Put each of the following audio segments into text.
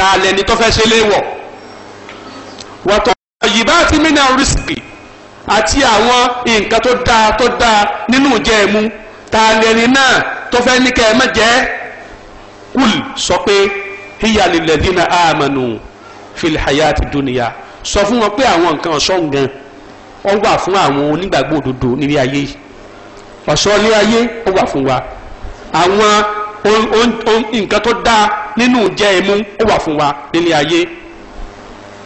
ta lẹni tó fẹ́ ṣe léwọ̀ wọ́tọ̀ yìbá ti mínà rìsíkì àti àwọn nǹkan tó dáa tó dáa nínú jẹ́ ẹ̀mú ta lẹni náà tó fẹ́ ní kẹ́ ẹ má jẹ́ kùl sọ pé hiya lilladhina amanu fil hayati dunya sọ fún wọn pé àwọn nǹkan ọ̀ṣọ́ nǹkan ọ wà fún àwọn onígbàgbọ́ òdodo nílé ayé ọ̀ṣọ́ ilé ayé ó wà fún wa àwọn nǹkan tó dáa nínú jẹ́ imú ó wà fún wa nílé ayé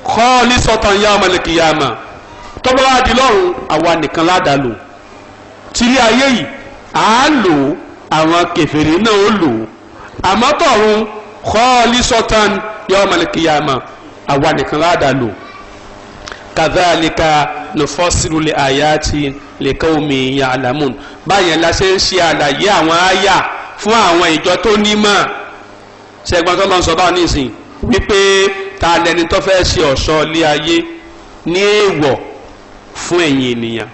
kọ́ọ̀lì sọ̀tàn yá ọmọ lẹ́kìyà mà tọ́ba wa di lọ́rùn àwa nìkan ládàá lò tílé ayé yìí à á lò àwọn kèfèrí náà ó lò àmọ́ tọ̀run kọ́ọ̀lì sọ̀tàn yá ọmọ mà àwa nìkan ládàá lò kadhalika nufasiru li ayati li kaumi ya'lamun báyẹn la ṣe ń ṣe àlàyé àwọn àyà fún àwọn ìjọ tó nímọ̀ ṣẹgbọn tó lọ sọ báwọn nísìn wípé ta lẹni tó fẹ́ ṣe ọ̀ṣọ́ ilé ayé ní èèwọ̀ fún ẹ̀yin ènìyàn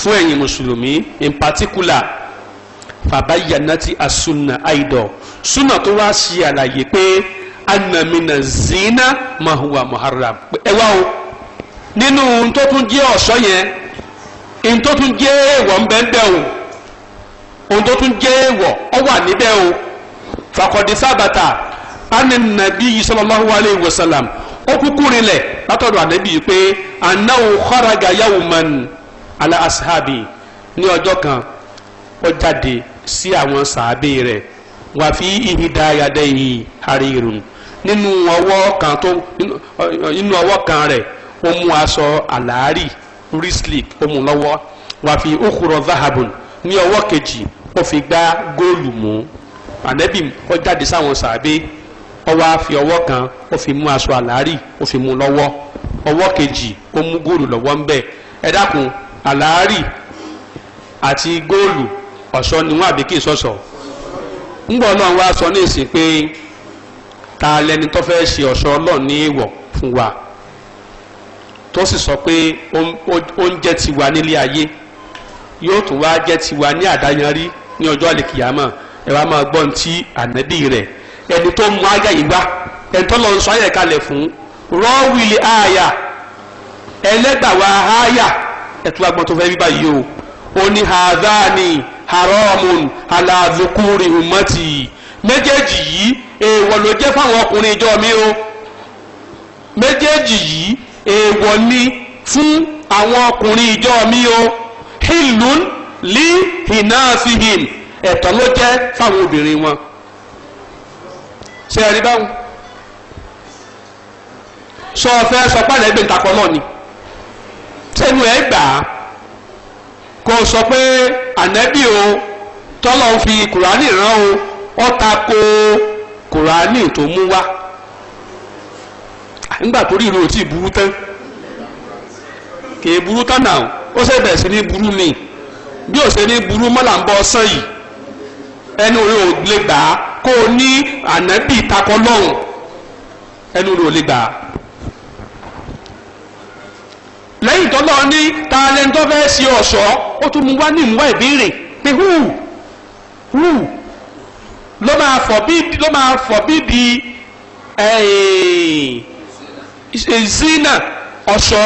fún ẹ̀yin mùsùlùmí in particular fàbáyánátì àsúnà àìdọ̀ súnà tó wá ṣe àlàyé pé anamina zina mahuwa muharram ẹ wá o nínú ntó tún jẹ́ ọ̀ṣọ́ yẹn ntó jẹ́ èèwọ̀ ń bẹ́ẹ̀ bẹ́ẹ̀ o. ohun tó tún jẹ́ èèwọ̀ ọ wà níbẹ̀ o fàkọ̀dé sábàtà ani nabi sallallahu alayhi wa sallam ó kúkú rinlẹ̀ látọ̀dọ̀ ànábì pé anáwó kharaja ala ashabi ní ọjọ́ kan ó jáde sí àwọn sàábé rẹ̀ wà fi ihida yadayhi harirun nínú ọwọ́ kan tó nínú ọwọ́ kan rẹ̀ ó mú aṣọ àlàárì rísílì ó mú lọ́wọ́ wà ní ọwọ́ kejì ó fi gbá góòlù mú ànẹ́bì ó jáde sáwọn sàbẹ ó wá fi ọwọ́ kan ó fi mú aṣọ àlárì ó fi mú lọ́wọ́ ọwọ́ kejì ó mú góòlù lọ́wọ́ ń bẹ̀ ẹ dákun àlárì àti góòlù ọ̀ṣọ́ ni wọ́n àbí kì í sọ̀sọ̀ ńgbọ́ náà wá sọ ní ìsìn pé ta lẹni tó fẹ́ ṣe ọ̀ṣọ́ ọlọ́ọ̀ ní èèwọ̀ fún wa tó sì sọ pé ó ń jẹ́ nílé ayé yóò tún wá jẹ́ tiwa ní àdáyanrí ní ọjọ́ àlèkìyàmọ̀ ẹ wá máa gbọ́n ti ànábì rẹ̀ ẹni tó mú àyà yìí wá ẹni tó lọ sọ àyà kalẹ̀ fún rọ́wìlì àyà ẹlẹ́gbàwá àyà ẹ̀tún agbọ́n tó fẹ́ bí báyìí o ó ní hadhani haramun ala dhukuri ummati méjèèjì yìí èèwọ̀ ló jẹ́ fáwọn ọkùnrin ìjọ mi o méjèèjì yìí èèwọ̀ ni fún àwọn ọkùnrin ìjọ mi o. hìlún lí hìnáfihìn ẹ̀tọ́ ló jẹ́ fáwọn obìnrin wọn ṣe ẹ̀rí báwọn sọ fẹ́ sọ pàdé ẹgbẹ́ ìtakọ̀ náà ni sẹ́nu ẹ̀ gbà á kó o sọ pé ànẹ́bí o tọlọ ń fi kùránì rán o ọ ta ko kùránì tó mú wá nígbà tó rí irú ò burú tán kì í burú tán náà ó ṣe bẹ̀rẹ̀ sí ní burú ni bí ó ṣe ní burú mọ́là ń bọ́ ọsán yìí ẹnu rẹ ò lè gbà á kó o ní ànábì ìtakọ lọ́hùn ẹnu rẹ ò lè gbà á. lẹ́yìn tó lọ́ọ́ ní ta lẹ́ni tó fẹ́ ṣe ọ̀ṣọ́ ó tún mú wá ní ìmúwá ìbéèrè pé hù hù ló máa fọ̀bídì ló máa fọ̀bídì ẹ̀ẹ́n eh, ìṣèṣínà ọ̀ṣọ́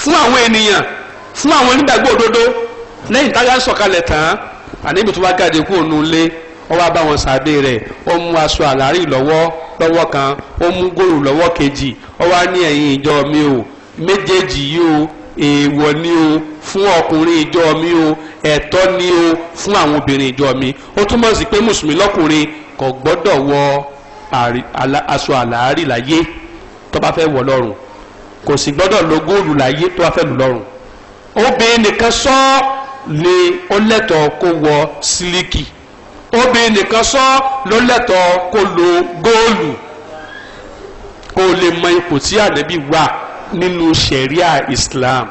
fún àwọn ènìyàn fún àwọn onígbàgbọ́ òdodo lẹ́yìn táyà sọ̀kalẹ̀ tán àníbi tó wá gàdé kú òun lé wọ́n wá bá wọn sàbẹ rẹ̀ ó mú aṣọ àlárí lọ́wọ́ lọ́wọ́ kan ó mú góòlù lọ́wọ́ kejì ó wá ní ẹ̀yin ìjọ mi o méjèèjì yìí o èèwọ̀ ni o fún ọkùnrin ìjọ mi o ẹ̀tọ́ ni o fún àwọn obìnrin ìjọ mi ó túmọ̀ sí pé mùsùlùmí lọ́kùnrin kò gbọ́dọ̀ wọ aṣọ àlárí láyé tó bá fẹ́ wọ̀ lọ́rùn kò sì gbọ́dọ̀ lo góòlù láyé tó bá fẹ́ lù lọ́rùn obìnrin nìkan sọ lè ó lẹ́tọ̀ọ́ kó wọ sílíkì obìnrin nìkan sọ ló lẹ́tọ̀ọ́ kó lo góòlù kó lè mọ ipò tí ànábì wà nínú ṣẹ̀ríà Islam.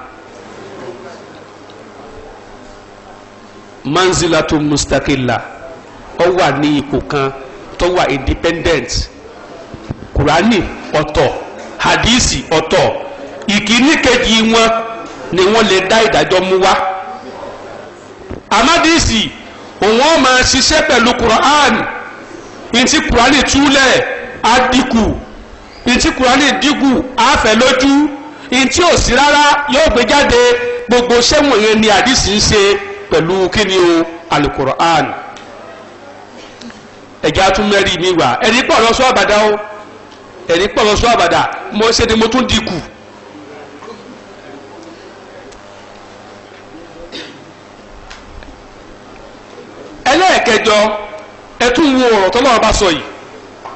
manzilatu mustakila ó wà ní ipò kan tó wà independent kurani ọ̀tọ̀ hadisi ọ̀tọ̀ ìkíní kejì wọn ni wọ́n lè dá ìdájọ́ mú wá amadisi òun ó máa ṣiṣẹ́ pẹ̀lú Quran ntí Quran túlẹ̀ á dínkù ntí Quran dínkù á fẹ̀ lójú ntí ò sí rárá yóò gbé jáde gbogbo sẹ́wọ̀n yẹn ni àdìsí ń ṣe pẹ̀lú kíni o alukur'an ẹ̀já tún mẹ́rin mi wà ẹ̀rí pọ̀ lọ́sọ́ àbàdà o ẹ̀rí pọ̀ lọ́sọ́ àbàdà mo ṣe ni mo tún dínkù. ẹlẹ́ẹ̀kẹjọ ẹtún wo ọ̀rọ̀ tọ́lọ́run bá sọ yìí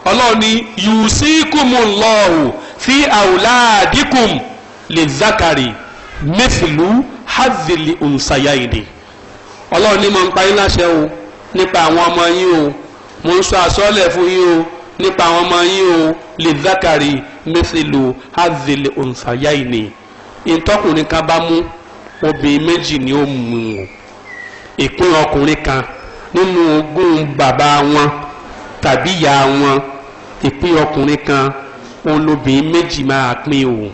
ọlọ́run ní yusikumullahu fi awladikum lizakari mithlu hazili unsayayide ọlọ́run ní mo ń pa yín láṣẹ o nípa àwọn ọmọ yín o mo ń sọ àsọ́ọ̀lẹ̀ fún yín o nípa àwọn ọmọ yín o lizakari mithlu hazili unsayayide ìtọ́kùnrin kan bá mú obìnrin méjì ni ó mú ìpín ọkùnrin kan nínú ogún bàbá wọn tàbí ìyá wọn ìpín ọkùnrin kan òun lóbìnrin méjì máa pín òun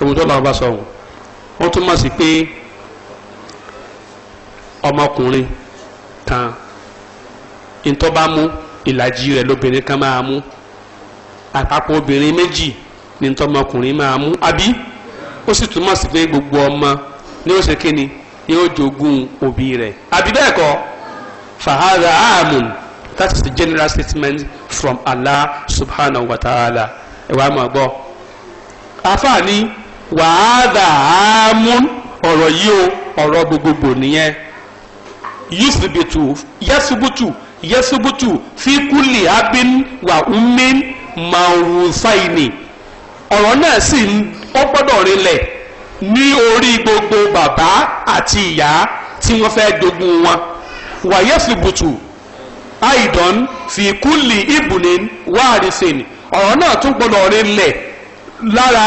ohun tó lọ́wọ́ bá sọ òun ó túmọ̀ sí pé ọmọkùnrin kan ntọ́ bá mú ìlàjì rẹ̀ lóbìnrin kan máa mú àpapọ̀ obìnrin méjì ní ntọ́mọkùnrin máa mú àbí ó sì túmọ̀ sí pé gbogbo ọmọ ni ó ṣe kíni ni ó jogún òbí rẹ̀ àbí bẹ́ẹ̀ kọ́. Fahada amun that is the general statement from Allah subhanahu wa ta'ala ẹ wàá máa gbọ́ àfààní wàhádà amun ọ̀rọ̀ yìí o ọ̀rọ̀ gbogbogbò nìyẹn yusubutu yasubutu yasubutu fi kulli abin wa ummin maurusaini ọ̀rọ̀ náà sì ń ó gbọ́dọ̀ rinlẹ̀ ní orí gbogbo bàbá àti ìyá tí wọ́n fẹ́ dogun wọn wàyẹ́sìbùtù àìdán fi kúlì ìbùnín wáàrísìn ọ̀rọ̀ náà tún gbọ́dọ̀ rinlẹ̀ lára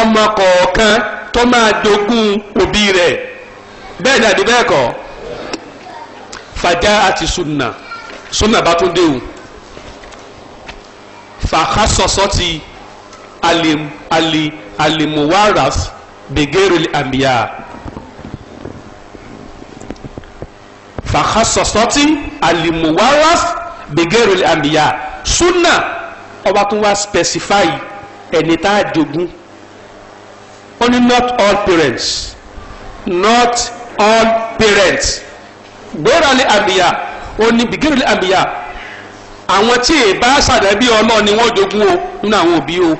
ọmọ kọ̀ọ̀kan tó máa jogún òbí rẹ̀ bẹ́ẹ̀ ni àbí bẹ́ẹ̀ kọ́ fàjá àti sunna sunna bá tún déhùn fàkásọ̀sọ́ alim ali alimuwaras bẹ̀gẹ́rẹ̀ àmìyá. Ali, fàkàsọ̀sọ́tì alimuwaras bẹ̀gẹ́rù àmìyá súnà ọba tún wá specify ẹni tá a jogún ó not all parents not all parents gbẹ́rọ̀lẹ̀ àmìyá ó ní bẹ̀gẹ́rù àmìyá àwọn tí èèbá sàdẹ́bí ọlọ́ọ̀ ni wọ́n jogún o nínú àwọn òbí o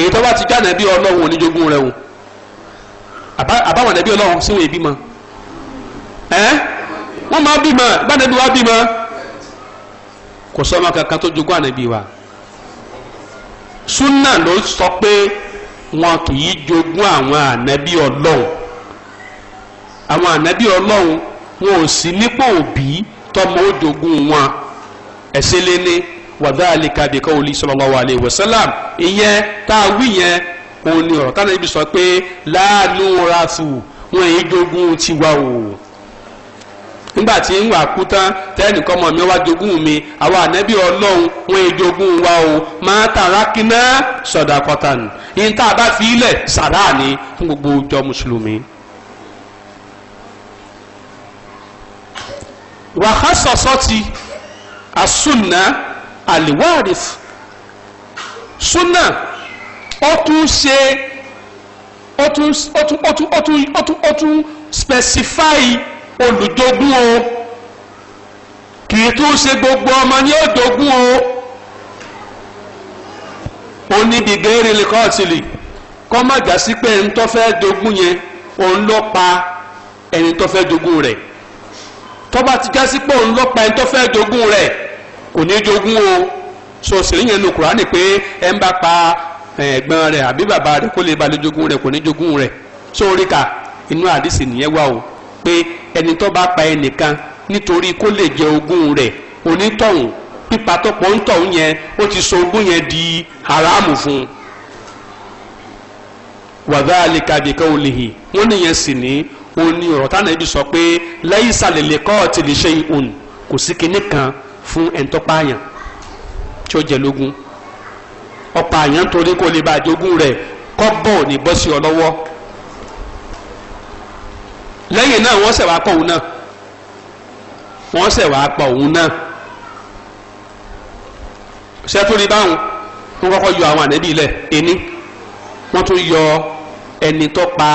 èyí tó bá ti jáde bí ọlọ́run oníjogún rẹ̀ o àbáwọn ẹ̀dẹ́bí ọlọ́run síwọ̀n ẹ̀bí mọ́ ẹ́. Eh? wọ́n máa bímọ bánẹ́bí wa bímọ kò sọ́mọ kankan tó jogún ànẹ́bí wa súnà ló sọ pé wọn kì í jogún àwọn ànẹ́bí ọlọ́run àwọn ànẹ́bí ọlọ́run wọn ò sí nípò òbí tọmọ ó jogún wọn ẹ̀sẹ̀ lẹ́ni wàdálíkà bí kọ́wọ́lì sallallahu alayhi wa sallam ìyẹn tá a wí yẹn òun ni ọ̀rọ̀ tánà ibi sọ pé láàánú rafu wọn èyí jogún tiwa o. nígbà tí ń wà kú tán tẹ́nìkan mi wá jogún mi àwọn ànábì ọlọ́run wọn jogún wa o máa tàràkínà sọ̀dàkọ̀tà nù yín tá a bá fi ilẹ̀ sàrà ni fún gbogbo ìjọ mùsùlùmí. wàhásọ̀sọ́tì àsùnà àlìwárìf súnà ó tún ṣe ó tún ó tún ó tún ó tún olùjogún o kì í tún ṣe gbogbo ọmọ ní òjogún o ó ní bìgẹ́rì lẹ́kọ́ọ̀tìlì kọ́ má jà sí pé ẹni tó fẹ́ jogún yẹn òun ló pa ẹni tó fẹ́ jogún rẹ̀ tó bá ti já sí pé òun ló pa ẹni tó fẹ́ jogún rẹ̀ kò ní jogún o so sèrí yẹn nu Kùránì pé ẹ ń bá pa ẹ̀gbọ́n rẹ̀ àbí bàbá rẹ̀ kó lè balẹ̀ jogún rẹ̀ kò ní jogún rẹ̀ so oríkà inú àdìsí nìyẹn wà o pé ẹni tó bá pa ẹnìkan nítorí kó lè jẹ ogún rẹ̀ onítọ̀hún pípa tó pọ̀ ń tọ̀hún yẹn ó ti sọ ogún yẹn di haramu fún un wàdálìkà bìkan ò lè hì wọ́n nìyẹn sì ní o ní ọ̀rọ̀ táwọn ẹbí sọ pé lẹ́yìn ìsàlẹ̀ lè kọ́ ọ̀tí lè ṣe ìhùn kò sí kinní kan fún ẹ̀ńtọ́pààyàn tí ó jẹ lógún ọ̀pààyàn torí kó lè bá àjogún rẹ̀ kọ́ bọ̀ ní bọ́sí ọ lọ́wọ́ lẹ́yìn náà wọ́n ṣẹ̀ wá pọ̀ òun náà wọ́n ṣẹ̀ wá pọ̀ òun náà ṣẹ́túrí báwọn wọ́n kọ́kọ́ yọ àwọn ànẹ́bí ilẹ̀ ẹni wọ́n tún yọ ẹni tó pa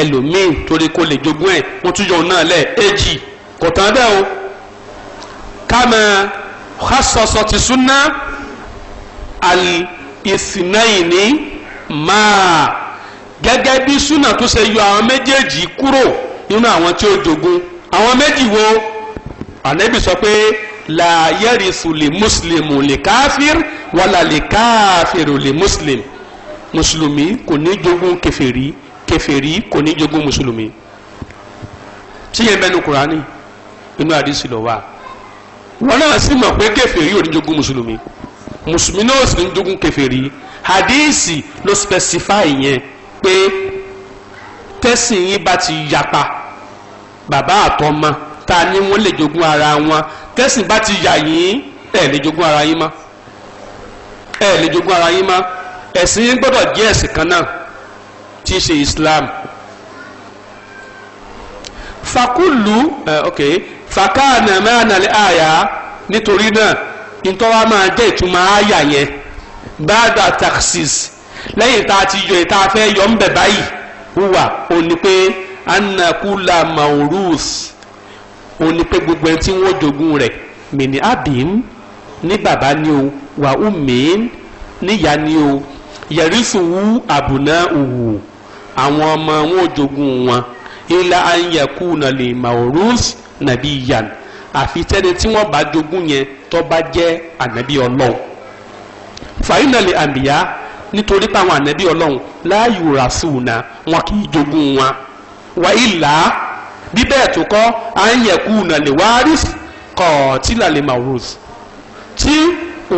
ẹlòmíì torí kó lè jogún ẹ̀ wọ́n tún yọ òun náà lẹ̀ èjì kò tán bẹ́ẹ̀ o kama khasọsọ ti sunna al ìsìnnáyìí ní máa gẹ́gẹ́ bí súnà tó ṣe yọ àwọn méjèèjì kúrò nínú àwọn tí ó jogún àwọn méjì wo ànábì sọ pé la yarisu li muslimu li káfír wala li káfíru li muslim mùsùlùmí kò ní jogún kèfèrí kèfèrí kò ní jogún mùsùlùmí tí yẹn bẹnu kùránì inú àdìsí lọ wá wọn náà sì mọ̀ pé kèfèrí ò ní jogún mùsùlùmí mùsùlùmí náà sì ní jogún kèfèrí àdìsí ló specify yẹn pé tẹ́sìn yín bá ti yapa bàbá àtọmọ ta ni wọ́n lè jogún ara wọn tẹ́sìn bá ti yà yín ẹ̀ lè jogún ara yín mọ́ ẹ̀ lè jogún ara yín mọ́ ẹ̀sìn yín gbọ́dọ̀ jẹ́ ẹ̀sìn kan náà tí í ṣe Islam fakulu ẹ̀ ok fakana mẹ́rànlẹ́ àyà nítorí náà ntọ́wá máa jẹ́ ìtumọ̀ àyà yẹn bàdà taxis lẹ́yìn tá a ti yọ ìta fẹ́ yọ ń bẹ̀ báyìí hùwà ó ní pé anakula maurus ó ní pé gbogbo ẹni tí wọ́n jogún rẹ̀ mìíní abim ní bàbá ni o wà umin níyà ni o yẹrìsùn wú àbùnà òwò àwọn ọmọ wọn jogún wọn ilà anyakú nàlè maurus nàbí yan àfi tẹ́ni tí wọ́n bá jogún yẹn tó bá jẹ́ ànábì ọlọ́run fàyínàlè àmìyá nítorí pé àwọn ànábì ọlọ́run láàyò ràṣùnà wọn kì í jogún wọn wà ìlà bí bẹ́ẹ̀ tó kọ́ à ń yẹ̀kú nàlẹ́ wáárìs kọ̀ tí làlẹ́ màrúz tí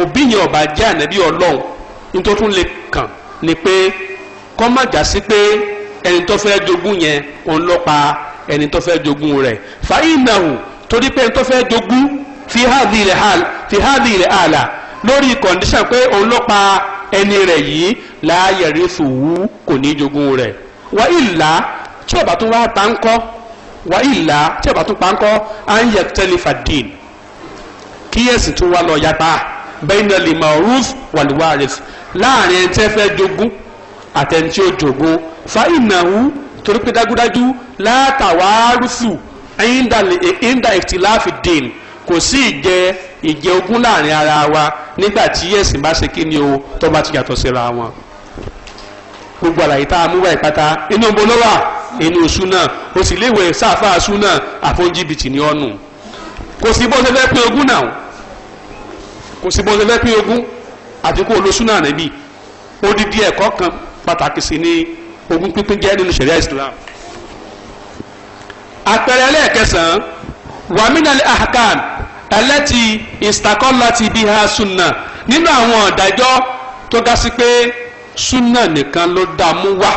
òbí yẹn ọba jẹ́ ànábì ọlọ́run nítorí tún lè kàn ni pé kọ́ má jà sí pé ẹni tó fẹ́ jogún yẹn òun ló pa ẹni tó fẹ́ jogún rẹ̀ fàáyìn náà torí pé ẹni tó fẹ́ jogún fi hádìí rẹ̀ hàlà lórí kọ̀ǹdíṣàn pé òun ló pa ẹni rẹ̀ yìí láàyè rí sùwú kò ní jogún rẹ̀ wà ìlà tí ọba tó wá ta ń kọ́ wà ìlà tí ọba tó pa ń kọ́ à ń yẹ tẹ́lẹ̀ fàdín kíyèsí tó wá lọ yapa bẹ́ẹ̀ni lè mọ̀ rúf láàrin ẹni tẹ́ fẹ́ jogún àtẹni tí fa ìnáwó torí pé látàwárúfù ẹ̀yìn dà ìtìláfì dín kò sí ìjẹ ìjẹ ogún láàrin ara wa nígbà tí ẹ̀sìn bá ṣe kí ni o tó bá ti yàtọ̀ síra wọn gbogbo àlàyé tá a mú wá ìpátá inú ibo ló wà inú súnà o sì léwèé sáfà súnà àfọ̀njìbìtì ní ọ̀nù kò sí bó ṣe fẹ́ pín ogún náà kò sí bó ṣe fẹ́ pín ogún àti kó o lo odidi ẹ̀kọ́ kan pàtàkì sí ní ogún pínpín jẹ́ nínú ṣẹ̀ríà Islam àpẹẹrẹ ẹlẹ́ẹ̀kẹsàn-án wàmínàlẹ́ ahkam ẹlẹ́tì ìstakọ́láti bí ha sunna nínú àwọn ọ̀dájọ́ tó ga sí pé sunna nìkan ló dá mú wá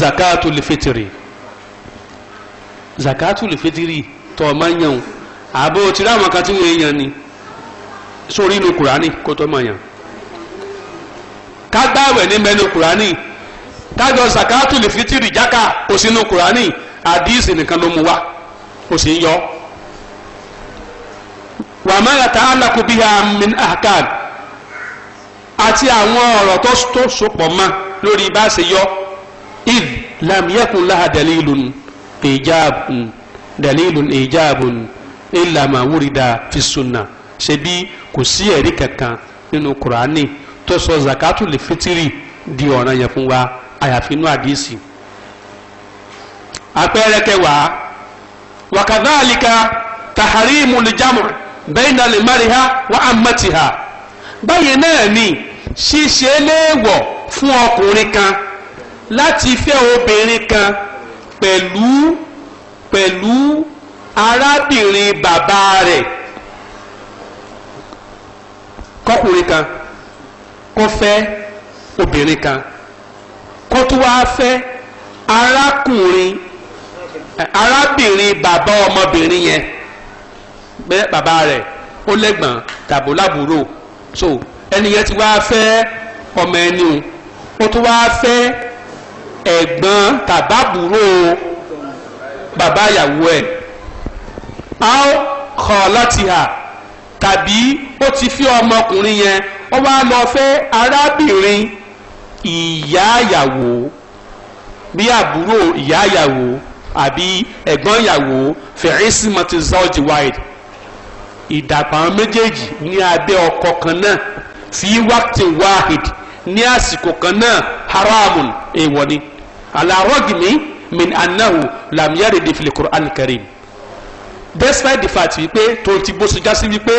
zakatul fitiri zakatul fitiri tó máa ń yàn àbò tí ráwọn kan tí wọ́n èèyàn ni sórí inú kùránì kó tó máa yàn ká ní mẹ́nu kùránì ká yọ zakatul jáka kò sínú kùránì àdìsí nìkan ló mu wá ó sì ń yọ. wa ma yata'allaqu biha min ahkam àti àwọn ọ̀rọ̀ tó sopọ̀ mọ́ lórí bá a ṣe yọ id lam yakun laha dalilun ijabun dalilun ijabun illa ma wurida fi sunna ṣebí kò sí ẹ̀rí kankan nínú kùránì tó sọ zakatul fitiri di ọ̀ranyàn fún wa àyàfi inú àdìsí àpẹẹrẹ kẹwàá wàkàdáàlìkà taharimu nìjàmùr bẹ́ẹ̀nà lè máriha wà á mẹ́tìhà báyìí náà ni ṣíṣe léèwọ̀ fún ọkùnrin kan láti fẹ́ obìnrin kan pẹ̀lú pẹ̀lú arábìnrin bàbá rẹ̀ kọkùnrin kan kó fẹ́ obìnrin kan kó tún wá fẹ́ arákùnrin arábìnrin bàbá ọmọbìnrin yẹn bẹ́ẹ̀ bàbá rẹ̀ ó lẹ́gbọ̀n tàbó lábúrò so ẹni yẹn ti wá fẹ́ ọmọ ẹni o ó tún wá fẹ́ ẹ̀gbọ́n tàbábúrò bàbá ìyàwó ẹ̀ a ó kọ̀ láti hà tàbí ó ti fi ọmọkùnrin yẹn ó wá lọ fẹ́ arábìnrin ìyá ìyàwó bí àbúrò ìyá ìyàwó àbí ẹ̀gbọ́n ìyàwó fẹ̀rísìmọ̀tì zọ́ọ̀jì wáìd ìdàpọ̀ àwọn méjèèjì ní abẹ́ ọkọ kan náà fi wákìtì wáhid ní àsìkò kan náà haramun èèwọ̀ ni alárọ́gìmí min anahu lamiyari de fili Qur'an karim despite the fact wípé tó ti bó sojá sí wípé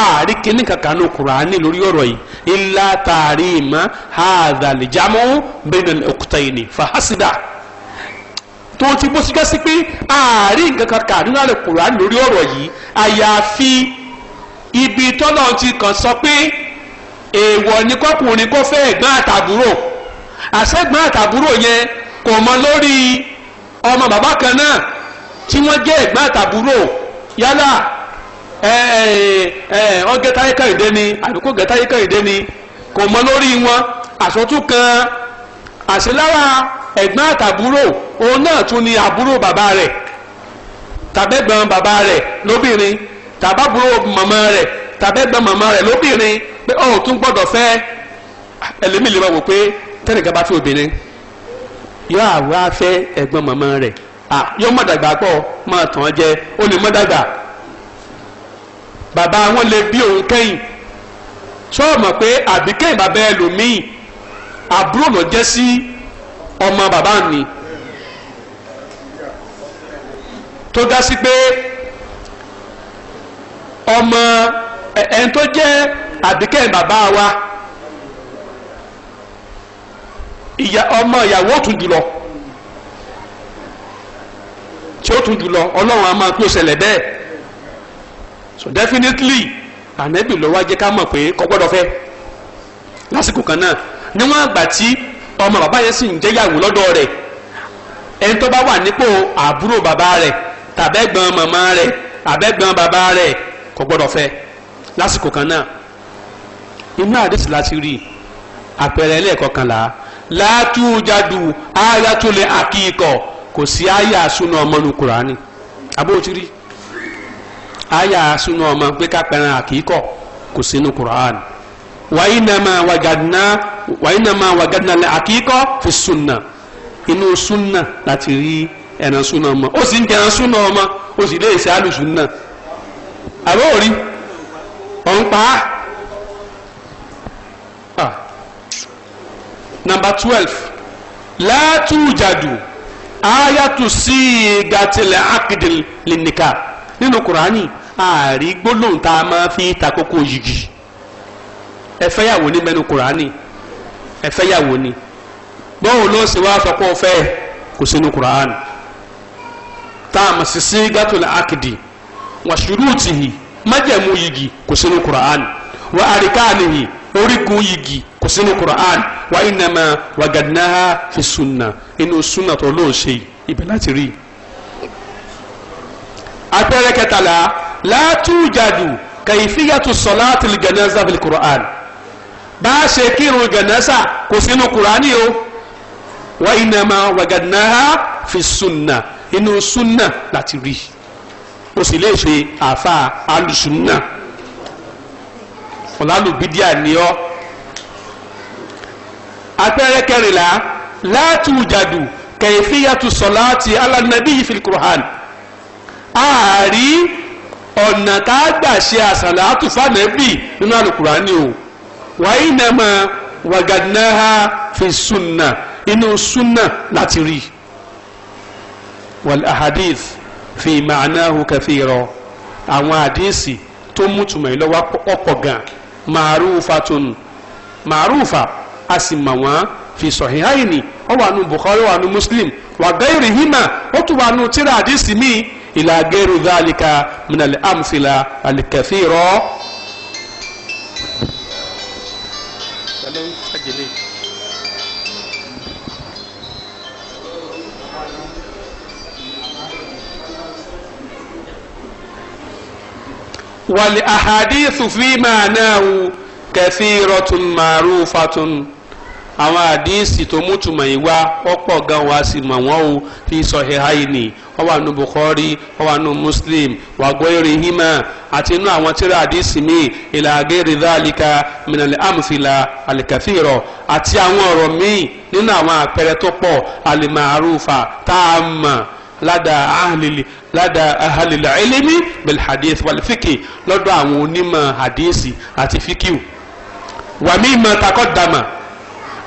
ààrí kínní kankan ní kuraani lórí ọ̀rọ̀ yìí ilá tààrí ìmọ̀ hadha al-jamu bain al-uqtayni fahasida. tó ti bó síkẹ́ sí pé nǹkan kan kà nínú àlè kùránì lórí ọ̀rọ̀ yìí àyàfi ibi tọ́lọ̀ ti kàn sọ pé èèwọ̀ ni kọkùnrin kó fẹ́ ẹ̀gbọ́n àtàbúrò àṣẹ̀gbọ́n àtàbúrò yẹn kò lórí ọmọ kan náà tí wọ́n jẹ́ ẹ̀gbọ́n àtàbúrò yálà wọ́n gẹ́ táyé kẹ́hìndé ni àdúgbò gẹ́ wọn kan ẹ̀gbọ́n àtàbúrò òun náà tún ni àbúrò bàbá rẹ̀ tàbẹ́gbọ́n bàbá rẹ̀ lóbìnrin tàbábúrò màmá rẹ̀ tàbẹ́gbọ́n màmá rẹ̀ lóbìnrin pé ọ̀ tún gbọ́dọ̀ fẹ́ ẹlẹ́mìí lè máa wò pé tẹ́nìkan bá fi obìnrin yọ àwa fẹ́ ẹ̀gbọ́n màmá rẹ̀ yọ mọ̀dàgbà pọ̀ máa tàn án jẹ ó lè mọ̀dàgbà bàbá wọn lè bí òun kẹ́yìn sọ́ọ̀mọ̀ pé àbíkẹ́yìn bàbá ẹlòmíì àbúrò lọ jẹ́ sí ọmọ bàbá ni tó dá sí pé ọmọ ẹni tó jẹ́ àbíkẹ́ bàbá wa ìyá ọmọ ìyàwó tún jùlọ tí ó tún jùlọ ọlọ́run a máa pín òṣèlè bẹ́ẹ̀ so definitely ànẹ́bì ló wá jẹ́ ká mọ̀ pé kò gbọ́dọ̀ fẹ́ lásìkò kan náà níwọ̀n àgbà tí ọmọ bàbá yẹn sì ń jẹ́yàwó lọ́dọ̀ rẹ̀ ẹni tó bá wà nípò àbúrò bàbá rẹ̀ tàbẹ́gbọ́n màmá rẹ̀ àbẹ́gbọ́n bàbá rẹ̀ kò gbọ́dọ̀ fẹ́ lásìkò kan náà inú àdéhùn láti rí àpẹẹrẹ ẹlẹ́ẹ̀kọkànlá jadu ayatollah akíkọ kò sí àyà ọmọ nu àyà ọmọ pé wàyí náà máa wà gádínà lẹ àkíkọ́ fi sunna inú sunna láti rí ẹran sunna ọmọ ó sì ń jẹran sunna ọmọ ó sì lè ṣe àlùsùnà àbọ̀ òrí ọ̀n pa á. number twelve látújàdù ayatu sí gàtìlẹ̀ akidil lìníkà nínú kùránì ààrí gbólóhùn tá a máa fi takoko yìgì ẹ fẹ́yàwó ní mẹ́nu kùránì ẹ̀fẹ́yàwó ni bọ́ọ̀ ló sì wá sọ pé ó fẹ́ kò sínú Qur'an táàmù sísí gàtúlù akidi wà ṣùrùtìhì májẹ̀mú yìgì kò sínú Qur'an wà àríkàánìhì orígun yìgì kò sínú Qur'an wà ìnàmà wà gàdínáhà fi sunna inú sunna tó lóò ṣe ibẹ̀ láti rí i abẹ́rẹ́ kẹtàlá látújàdù kàyífíyàtú sọ̀láàtì lìgànáza bìlì kùrọ̀án bá a ṣe kírun gànásà kò sínú kùránì o wa ìnàmà wàgàdìnàhà fi sunna inú sunna láti rí o sì lè ṣe àfa alùsùnà ọ̀làlùbídíà ni ọ́ àpẹẹrẹ kẹrìnlá látùjàdù kẹfíyàtù sọláàtì alànàbí ìfìlkùrán ààrí ọ̀nà tá gbà ṣe àsàlátù fànẹ́bì nínú àlùkùránì o wàyí nàmà wàgàdìnàhà fi sunna inú sunna láti rí wal ahadith fi ma'anahu kathira àwọn àdéhìsì tó mú tùmọ̀ yìí lọ́wọ́ ọ̀pọ̀ gan màrúfà tó nù màrúfà a sì mọ̀ wọ́n fi sahihaini ó wà nù Bukhari wà nù Muslim wà gairihima ó tún wà nù tíra àdéhìsì míì ila gairu dhalika minal amthila al ló ń ṣàjẹ́ lè. wàlẹ̀ àhàdìsù fi máa náà wù kẹfì rọtùn màrú fatun àwọn àdìsì tó mútùmọ̀ yìí wá ọ̀pọ̀ gan sì mọ̀ wọ́n o fi sọ ẹ̀háyìí nìyí ó wà nù bukhari ó nù muslim wà gbọ́yọ̀rì hima àti inú àwọn tíra àdìsí mi ìlà àgẹ́rì dhalika minalẹ̀ amfila alikafiro àti àwọn ọ̀rọ̀ míì nínú àwọn àpẹẹrẹ tó pọ̀ alimarufa tá a mọ̀ lada ahlili lada ahlili ilimi bil hadith wal fiki lọ́dọ̀ àwọn onímọ̀ hadisi àti fikiu wàmí ìmọ̀ takọ́ dama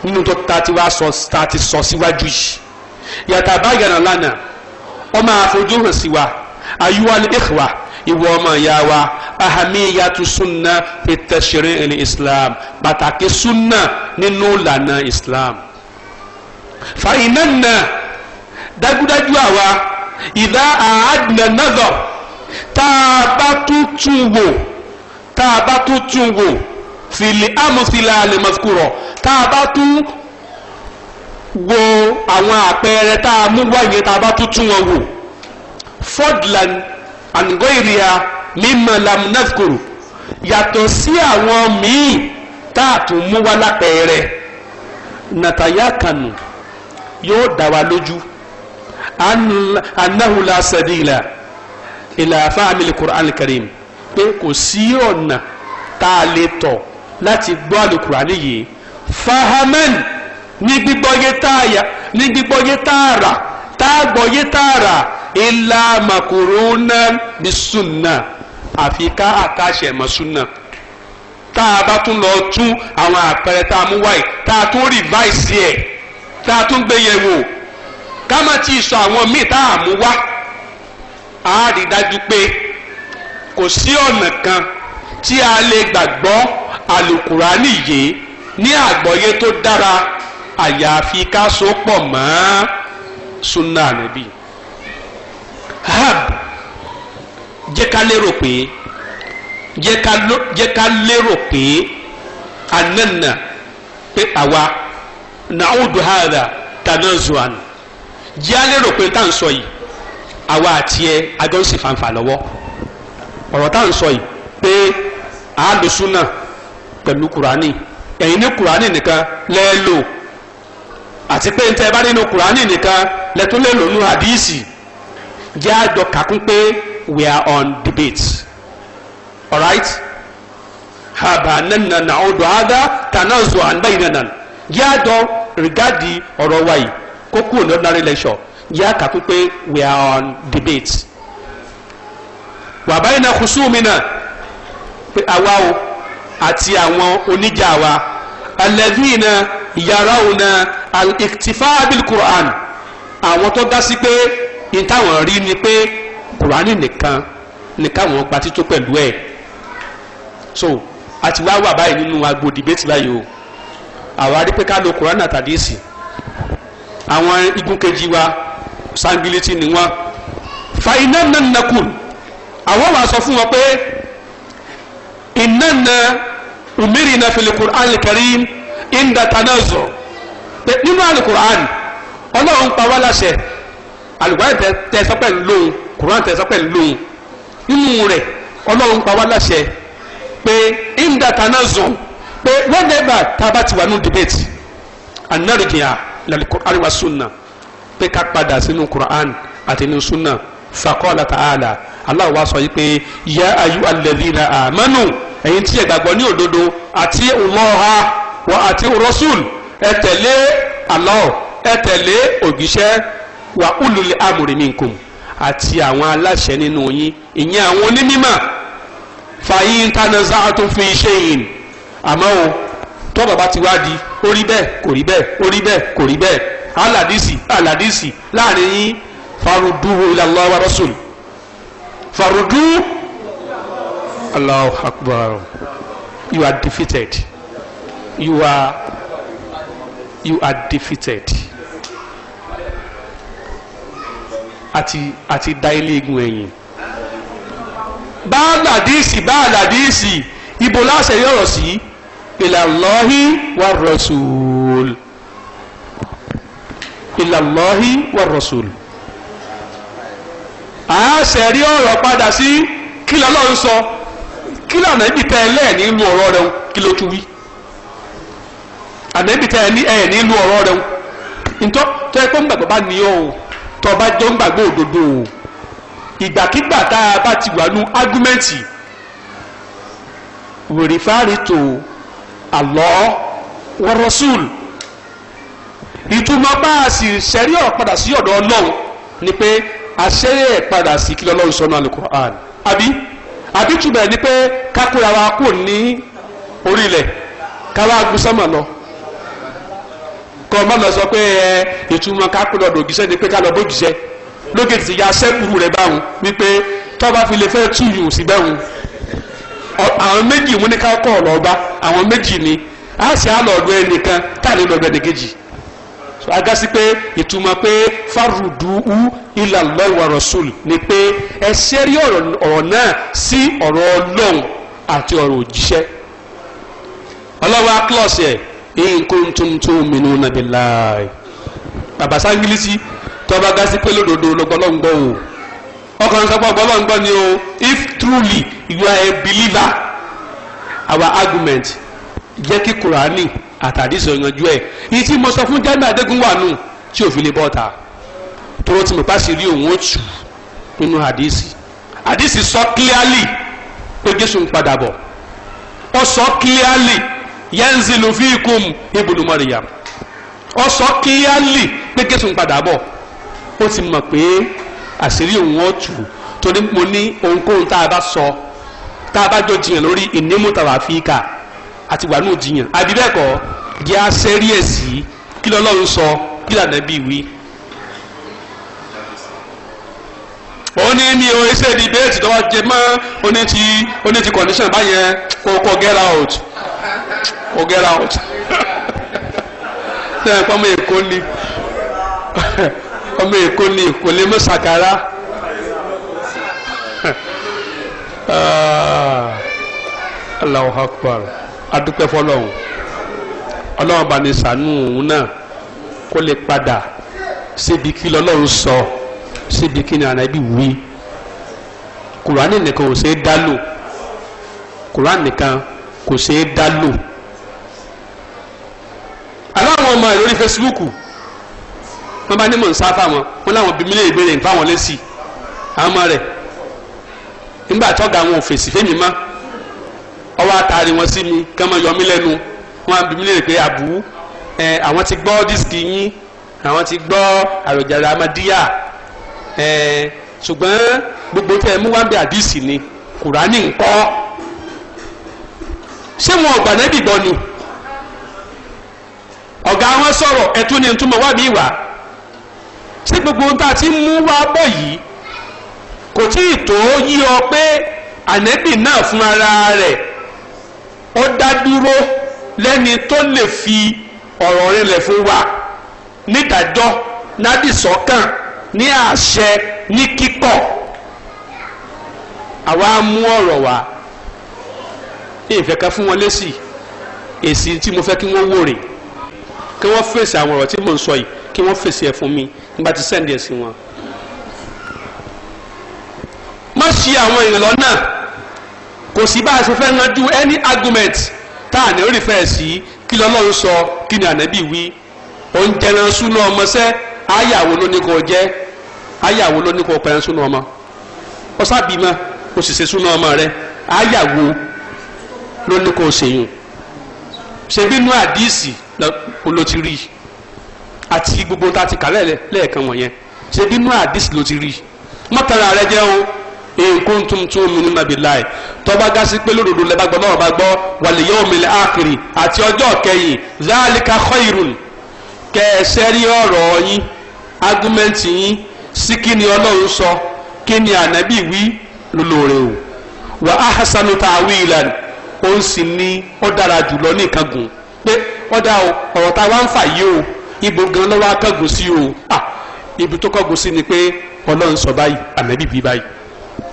nínú tó ta ti wá sọ síwájú yìí yàtà báyìí lánàá ọ máa fojú hàn sí wa ayúwálé ìhùwà ìwọ ọmọ ìyá wa ahamiyatu sunna fi tẹsírin ilé islam pàtàkì sunna nínú ìlànà islam. fàyínánà dájúdájú àwa ìdá àádìnà náà tá a bá tún wò tá a bá tún wò fìlì amúsílà lè mọ̀sùkúrọ̀ tá a bá tún wo àwọn àpẹẹrẹ tá a mú wáyé tá a bá tún tún wọn wò fordland angoiria mímọ lamnafkuru yàtọ̀ sí àwọn míì tá a tún mú wá lápẹẹrẹ nàtàyà kanu yóò dá wa lójú anahula sadila ìlàfà amílí Qur'an karim pé kò sí ọ̀nà tá a lè tọ̀ láti gbọ́ àlùkùránì yìí fahaman ní gbígbọ́yé tààyà ní gbígbọ́yé tààrà tààgbọ́yé tààrà ilà màkòrónà bí sunna àfi ká àkàṣe mọ́ sunna tá a bá tún lọ tún àwọn àpẹẹrẹ tá a mú wáyé tá a tún rìváìsì ẹ̀ tá a tún gbé yẹ̀ wò ká má ti sọ àwọn míì tá a mú wá a rí dájú pé kò sí ọ̀nà kan tí a lè gbàgbọ́ àlùkùránì yìí ní àgbọ́yé tó dára àyàfi ká so pọ̀ mọ́ sunna ànábì hab jẹ́ ká lérò pé jẹ́ ká lérò pé anana pé àwa naudu hada tanazuan jẹ́ á lérò pé tá à ń sọ yìí àwa àti ẹ agbọ́n sì fanfà lọ́wọ́ ọ̀rọ̀ tá à sọ yìí pé àálùsùnà pẹ̀lú kùránì ẹ̀yin ní kùránì nìkan lẹ́ẹ̀lò àti pé ntẹ́ bá nínú kùránì nìkan lẹ́tún lè lónú hadísì jẹ́ àjọ kàkún pé we are on debate alright haba nana na naudu ada anba anbayi nana jẹ́ àjọ rìgáàdì ọ̀rọ̀ wa yìí ordinary lecture jẹ́ àkàkún pé we are on debate wàbáyé náà kùsùmínà pé àwa o àti àwọn oníjà wa alẹ́bí náà ìyàrá òun náà al-iktifa bil quran àwọn tó dá sí pé ní táwọn rí ni pé kùránì nìkan ni káwọn pa tító pẹ̀lú ẹ̀ so àti wá wà báyìí nínú agbo debate báyìí o àwa rí pé ká lo kùránì àtàdísì àwọn igun kejì wa sanbiliti ni wọn fa iná náà nàkùn àwọn wàá sọ fún wọn pé iná umirina fil Qur'an al inda tanazur pé nínú alukur'an ọlọ́run pa wá láṣẹ alukur'an tẹ sọpẹ́ lóhun kur'an tẹ sọpẹ́ lóhun nínú rẹ̀ ọlọ́run pa wá láṣẹ pé inda tanazun pé whenever taba ti wà nínú debate anarikiya lalukur'an wa sunna pé ká padà sínú kur'an àti nínú sunna fakọ́lá ta'ala Allah wa sọ yìí pé ya ayu alladhina amanu ẹ̀yin tí ẹ gbàgbọ́ ní òdodo àti Allah wa àti rasul ẹ tẹ̀lé Allah ẹ tẹ̀lé ògìṣẹ́ wà ulul amri minkum àti àwọn aláṣẹ nínú yín ìyẹn àwọn onímọ̀ fàyín tánazá tó fi ṣe yìn àmọ́ o tó bàbá ti wá di ó rí bẹ́ẹ̀ kò rí bẹ́ẹ̀ ó rí bẹ́ẹ̀ kò rí bẹ́ẹ̀ aládìsí aládìsí láàrin yín faruduhu ila wa rasul farudu Allah akbar you are defeated you are you are defeated Ati ati da ilé egun ẹ̀yìn báàlà díìsì báàlà díìsì ibo láṣẹ yọrọ sí ìlàlọ́hí wà rọ̀ṣùl ìlàlọ́hí wà rọ̀ṣùl àṣẹ rí ọ̀rọ̀ padà sí kí lọ́lọ́run sọ kí lànà ibi tẹ́ ẹ lẹ́ẹ̀ nínú ọ̀rọ̀ rẹ̀ kí ló tún wí ànẹ́bí tẹ ẹ nílùú ọ̀rọ̀ rẹ o ntọ́ tọ́ ẹ pé ń gbàgbọ́ bá ní ọ o tọ́ bá jọ ń gbàgbọ́ òdodo o ìgbàkigbà tá a bá ti wà nú ágúmẹ́ǹtì wèrèfáàrí tó Allah wa Rasul ìtumọ̀ bá a sì ṣẹ́rí ọ̀rọ̀ padà sí ọ̀dọ̀ ọlọ́run ni pé àṣẹ́rí ẹ̀ padà sí kí lọ́lọ́run sọ́nà alukur'an àbí àbí túbẹ̀ ni pé kákúra wa kò ní orílẹ̀ káwá gúnsámà lọ kọ́ ọ má lọ sọ pé ẹ ìtumọ̀ kákúlọ̀ lògìṣẹ́ ni pé ká lọ bógìṣẹ́ lókè ti ya sẹ́kùrù rẹ̀ báwọn wípé tọ́ba fi lè fẹ́ túyùn sí bẹ́hùn àwọn méjì mú ní ká kọ́ ọ̀lọ́ ọba àwọn méjì ni a sì á lọ ọ̀dọ̀ ẹnìkan tá à ní lọ ọ̀dọ̀ ẹnìkejì agasi pé ìtumọ̀ pé faruduhu ila Allah wa rasul ni pé ẹ ṣẹ́rí ọ̀rọ̀ náà sí ọ̀rọ̀ ọlọ́run àti ọ̀rọ̀ òjíṣẹ́ ọlọ́wọ́ akílọ̀sì ẹ̀ in kuntum tu'minuna billahi bàbá sángilisi tọba gasi pé lódodo lọgbọlọgbọ o ọkàn sọpọ ọgbọlọgbọ ni o if truly you are a believer our argument jẹ́ kí kurani àtàdísọ yanjú ẹ̀ yìí tí mo sọ fún jẹ́mi adégún wà nù tí òfin lè bọ́ ta tóró tí mo bá sì rí òun ó tù nínú àdísì àdísì sọ clearly pé Jésù ń padà bọ̀ ó sọ clearly yanzilu fikum ibnu Maryam ó sọ kíyálì pé Jésù ń padà bọ̀ ó ti mọ̀ pé àṣírí òun ó tù torí mo ní ohunkóhun tá a bá sọ tá a bá jọ jiyàn lórí ìnímùtàwà fíkà àti wà nù jiyàn àbí bẹ́ẹ̀ kọ́ jẹ́ àṣẹ́rí kí lọ́lọ́run sọ kí lànà bí wí. ó ní mi ò debate tó wá jẹ mọ́ oní ti oní ti condition báyẹn kò kò get out kò get out sẹ́yìn pọ́nmọ́ èkó ni ọmọ èkó ni kò lè mọ́ sàkárà ah. Allahu Akbar adúpẹ́ fọlọ́hún ọlọ́run bá ní sànú òun náà kó lè padà síbi kí lọ́lọ́run sọ. So. síbi kí ni ibi wí kùránì nìkan kò se dá lò kùránì nìkan kò se dá lò aláwọn ọmọ ìlórí fesibúùkù wọn bá ní mò ń sá fáwọn wọn láwọn bí mílíọ̀nù ìbéèrè ń fáwọn lẹ́sì àwọn rẹ̀ nígbà tọ́ga àwọn ò fèsì fẹ́mi mọ́ ọwọ́ àtàrí wọn sí mi kí wọ́n yọ mí lẹ́nu wọn bí mílíọ̀nù pé àbú ẹ ti gbọ́ dísìkì yín àwọn ti gbọ́ amadíyà ṣùgbọ́n gbogbo tẹ́ ẹ mú wá àdìsí ni kùránì ń kọ́ ṣé wọn ọgbà nẹ́bì ni ọ̀gá wọn sọ̀rọ̀ ẹ̀tún ni ntúmọ̀ wà mí wá ṣé gbogbo ohun tá a ti mú wá bọ̀ yìí kò ọ pé ànẹ́bì náà fún ara rẹ̀ ó dá dúró lẹ́ni tó lè fi ọ̀rọ̀ rẹ̀ lẹ̀ fún wa nídàájọ́ ní àṣẹ ní kíkọ̀ àwa mú ọ̀rọ̀ wá ìfẹ̀kẹ́ fún wọn lésì èsì tí mo fẹ́ kí wọ́n wòrè kí wọ́n fèsì àwọn ọ̀rọ̀ tí mò ń sọ yìí kí wọ́n fèsì ẹ̀ fún mi nígbà tí sẹ́ǹdì ẹ̀ wọn. má ṣe àwọn èèyàn lọ́nà kò sí bá a ṣe fẹ́ yanjú any argument tá à ní orí fẹ́ sí kí lọ́lọ́run sọ kí ni ànábì wí òun jẹran súná ọmọṣẹ́ ayàwó ló ní kò jẹ́ ayàwó ló ní kò pẹ̀rẹ́ súnú ọmọ ọ̀sàbímọ o sì ṣe súnú ọmọ rẹ ayàwó ló ní kò ṣèyùn ṣebí inú àdìsí ló ti rí àti gbogbo tá a ti kà lẹ́ẹ̀kan wọ̀nyẹn ṣebí inú àdìsí ló ti rí mọ́tàrà rẹ jẹ́ o nǹkan tuntun mi nínú abiláì tọ́ba gasi pé lódodo lẹ́ba gbọ́ náà bá gbọ́ wàlẹ̀ yóò mi lẹ́ àkìrì àti ọjọ́ kẹyìn zálíkà khairun kẹsẹ́rí ọ̀rọ̀ yín agumenti yín si kini ni ọlọ́run sọ kí ni ànábì wí lólóore o wà á hasanu ta'wilan òun sì ni ó dára jùlọ ní nǹkan gùn pé ọ̀dà ọ̀rọ̀ tá a wá ń fà yìí o ibo gan lọ́wọ́ akẹ́gùn sí o a ibi tó kọ́gùn sí ni pé ọlọ́run sọ báyìí ànábì bí báyìí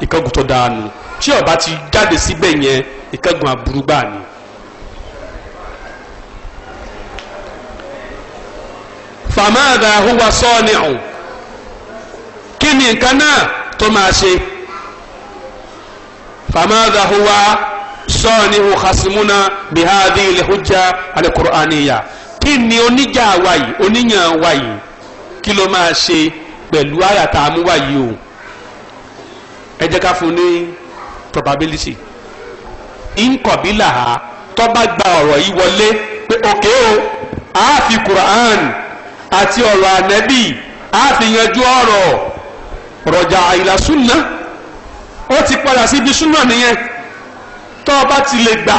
ìkẹ́gùn tó dáa nù tí ọba ti jáde síbẹ̀ yẹn ìkẹ́gùn aburú gbáà ni. fàmáàdà huwa sọ́ọ̀nì ọ̀hún kí ni nǹkan náà tó máa ṣe fàmáàdà huwa sọ́ọ̀nì ọ̀hún khasimuna bihadi ilẹ̀hújá alikur'aniya kí ni oníjà wáyé oníyàn wáyé kí ló máa ṣe o ẹ probability nkọ̀bílà tó bá gba ọ̀rọ̀ yìí wọlé pé òkè o àáfi Qur'an àti ọ̀rọ̀ ànẹ́bì á fi yanjú ọ̀rọ̀ rọ̀jà ìlà súnà ó ti padà sí ibi súnà nìyẹn tó o bá ti lè gbà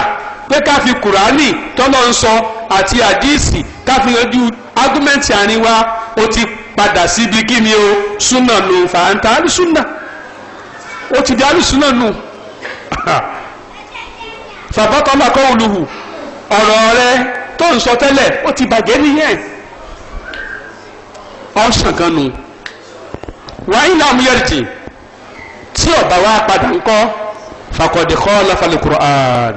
pé ká fi kùránì tọ́lọ́ ń sọ àti àdíìsì ká fi yanjú ágúmẹ́ǹtì àárín wa ó ti padà síbi kí ni o súnà ló fàáńtà àlùsúnà ó ti di àlùsúnà nù fàbátọ́lá kọ́ olùhù ọ̀rọ̀ rẹ tó ń sọ tẹ́lẹ̀ ó ti bàjẹ́ nìyẹn ọ̀sán kan nù wáyé náà mú yẹrìtì tí ọba wa padà ń kọ́ fàkọ̀dé kọ́ láfàlẹ̀ Qur'an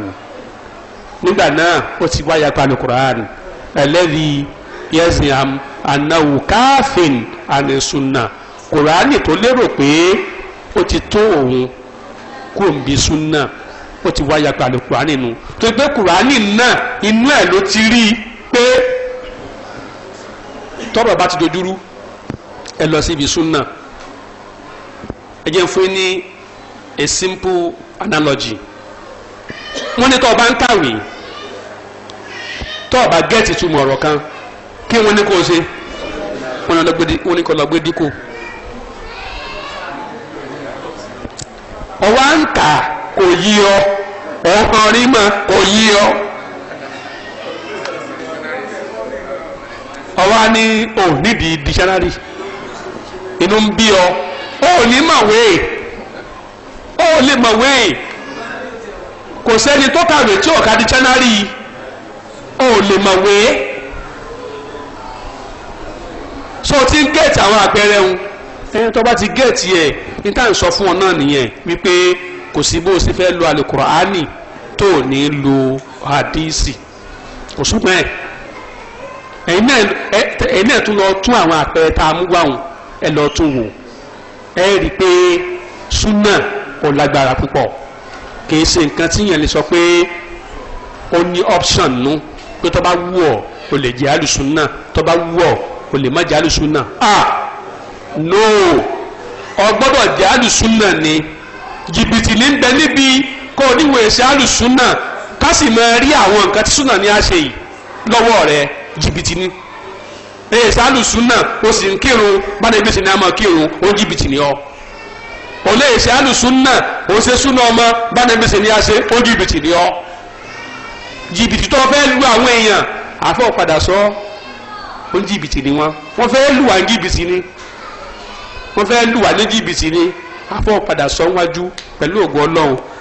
nígbà náà ó ti wáyà pàlẹ̀ Qur'an ẹlẹ́rì yẹ́sìn am anáwó káfíìn àníṣúná Qur'an tó lérò pé ó ti tó òun kó ń bi súná ó ti wáyà pàlẹ̀ Qur'an nù tó gbé Qur'an náà inú ẹ̀ ló ti rí pé tọ́rọ̀ bá ti dojúrú ẹ lọ sí ibi súnà ẹ jẹ́ fún yín a simple analogy wọ́n ní tọ́ọ̀ bá ń kàwé tọ́ọ̀ bá gẹ́ẹ̀tì túmọ̀ ọ̀rọ̀ kan kí wọ́n ní kó o ṣe wọ́n ní kó lọ gbé dínkù ọ̀wá ń kà kò yí ọ ọ̀hún rí kò yí ọ. wá ní o di dictionary inú ń bí ọ o ní mọ̀wé o lè mọ̀wé kò sẹ́ni tó kàwé tí ò ka dictionary o lè mọ̀wé so ti ń gẹ̀ẹ́tì àwọn àpẹẹrẹ ń ẹni tó bá ti gẹ̀ẹ́tì ẹ̀ ní tá à ń sọ fún ọ náà nìyẹn wípé kò sí bó o sì fẹ́ lo àlùkùránì tó ní lo hadisi kò sọ́gbọ́n ẹ̀ ẹ̀yin náà tún lọ tún àwọn àpẹẹrẹ tá a mú wá wọn ẹ lọ tún wò ẹ rí i pé súnà kò lágbára púpọ̀ kìí ṣe nǹkan tí yẹn lè sọ pé ó ní option nù pé tó bá wù ọ́ o lè jẹ́ àlùsúnà tó bá wù ọ́ o lè má jẹ́ àlùsúnà ah no ọ gbọ́dọ̀ jẹ́ àlùsúnà ni jìbìtì ní bẹ níbi kó o níwèé ṣe àlùsúnà ká sì máa rí àwọn nǹkan tí súnà ní a ṣe yìí lọ́wọ́ rẹ̀ jìbìtì ni ee sàlùsù náà o sì ń kírun bánibí sì ni a máa kírun ń jìbìtì ni ọ sàlùsù náà o ṣe súnà ọmọ bánibí ni a ṣe o jìbìtì ni ọ jìbìtì tó fẹ́ lu àwọn èèyàn àfọ̀ padà sọ o ń jìbìtì ni wọn fẹ́ ní jìbìtì ni fẹ́ ní jìbìtì ni padà sọ wájú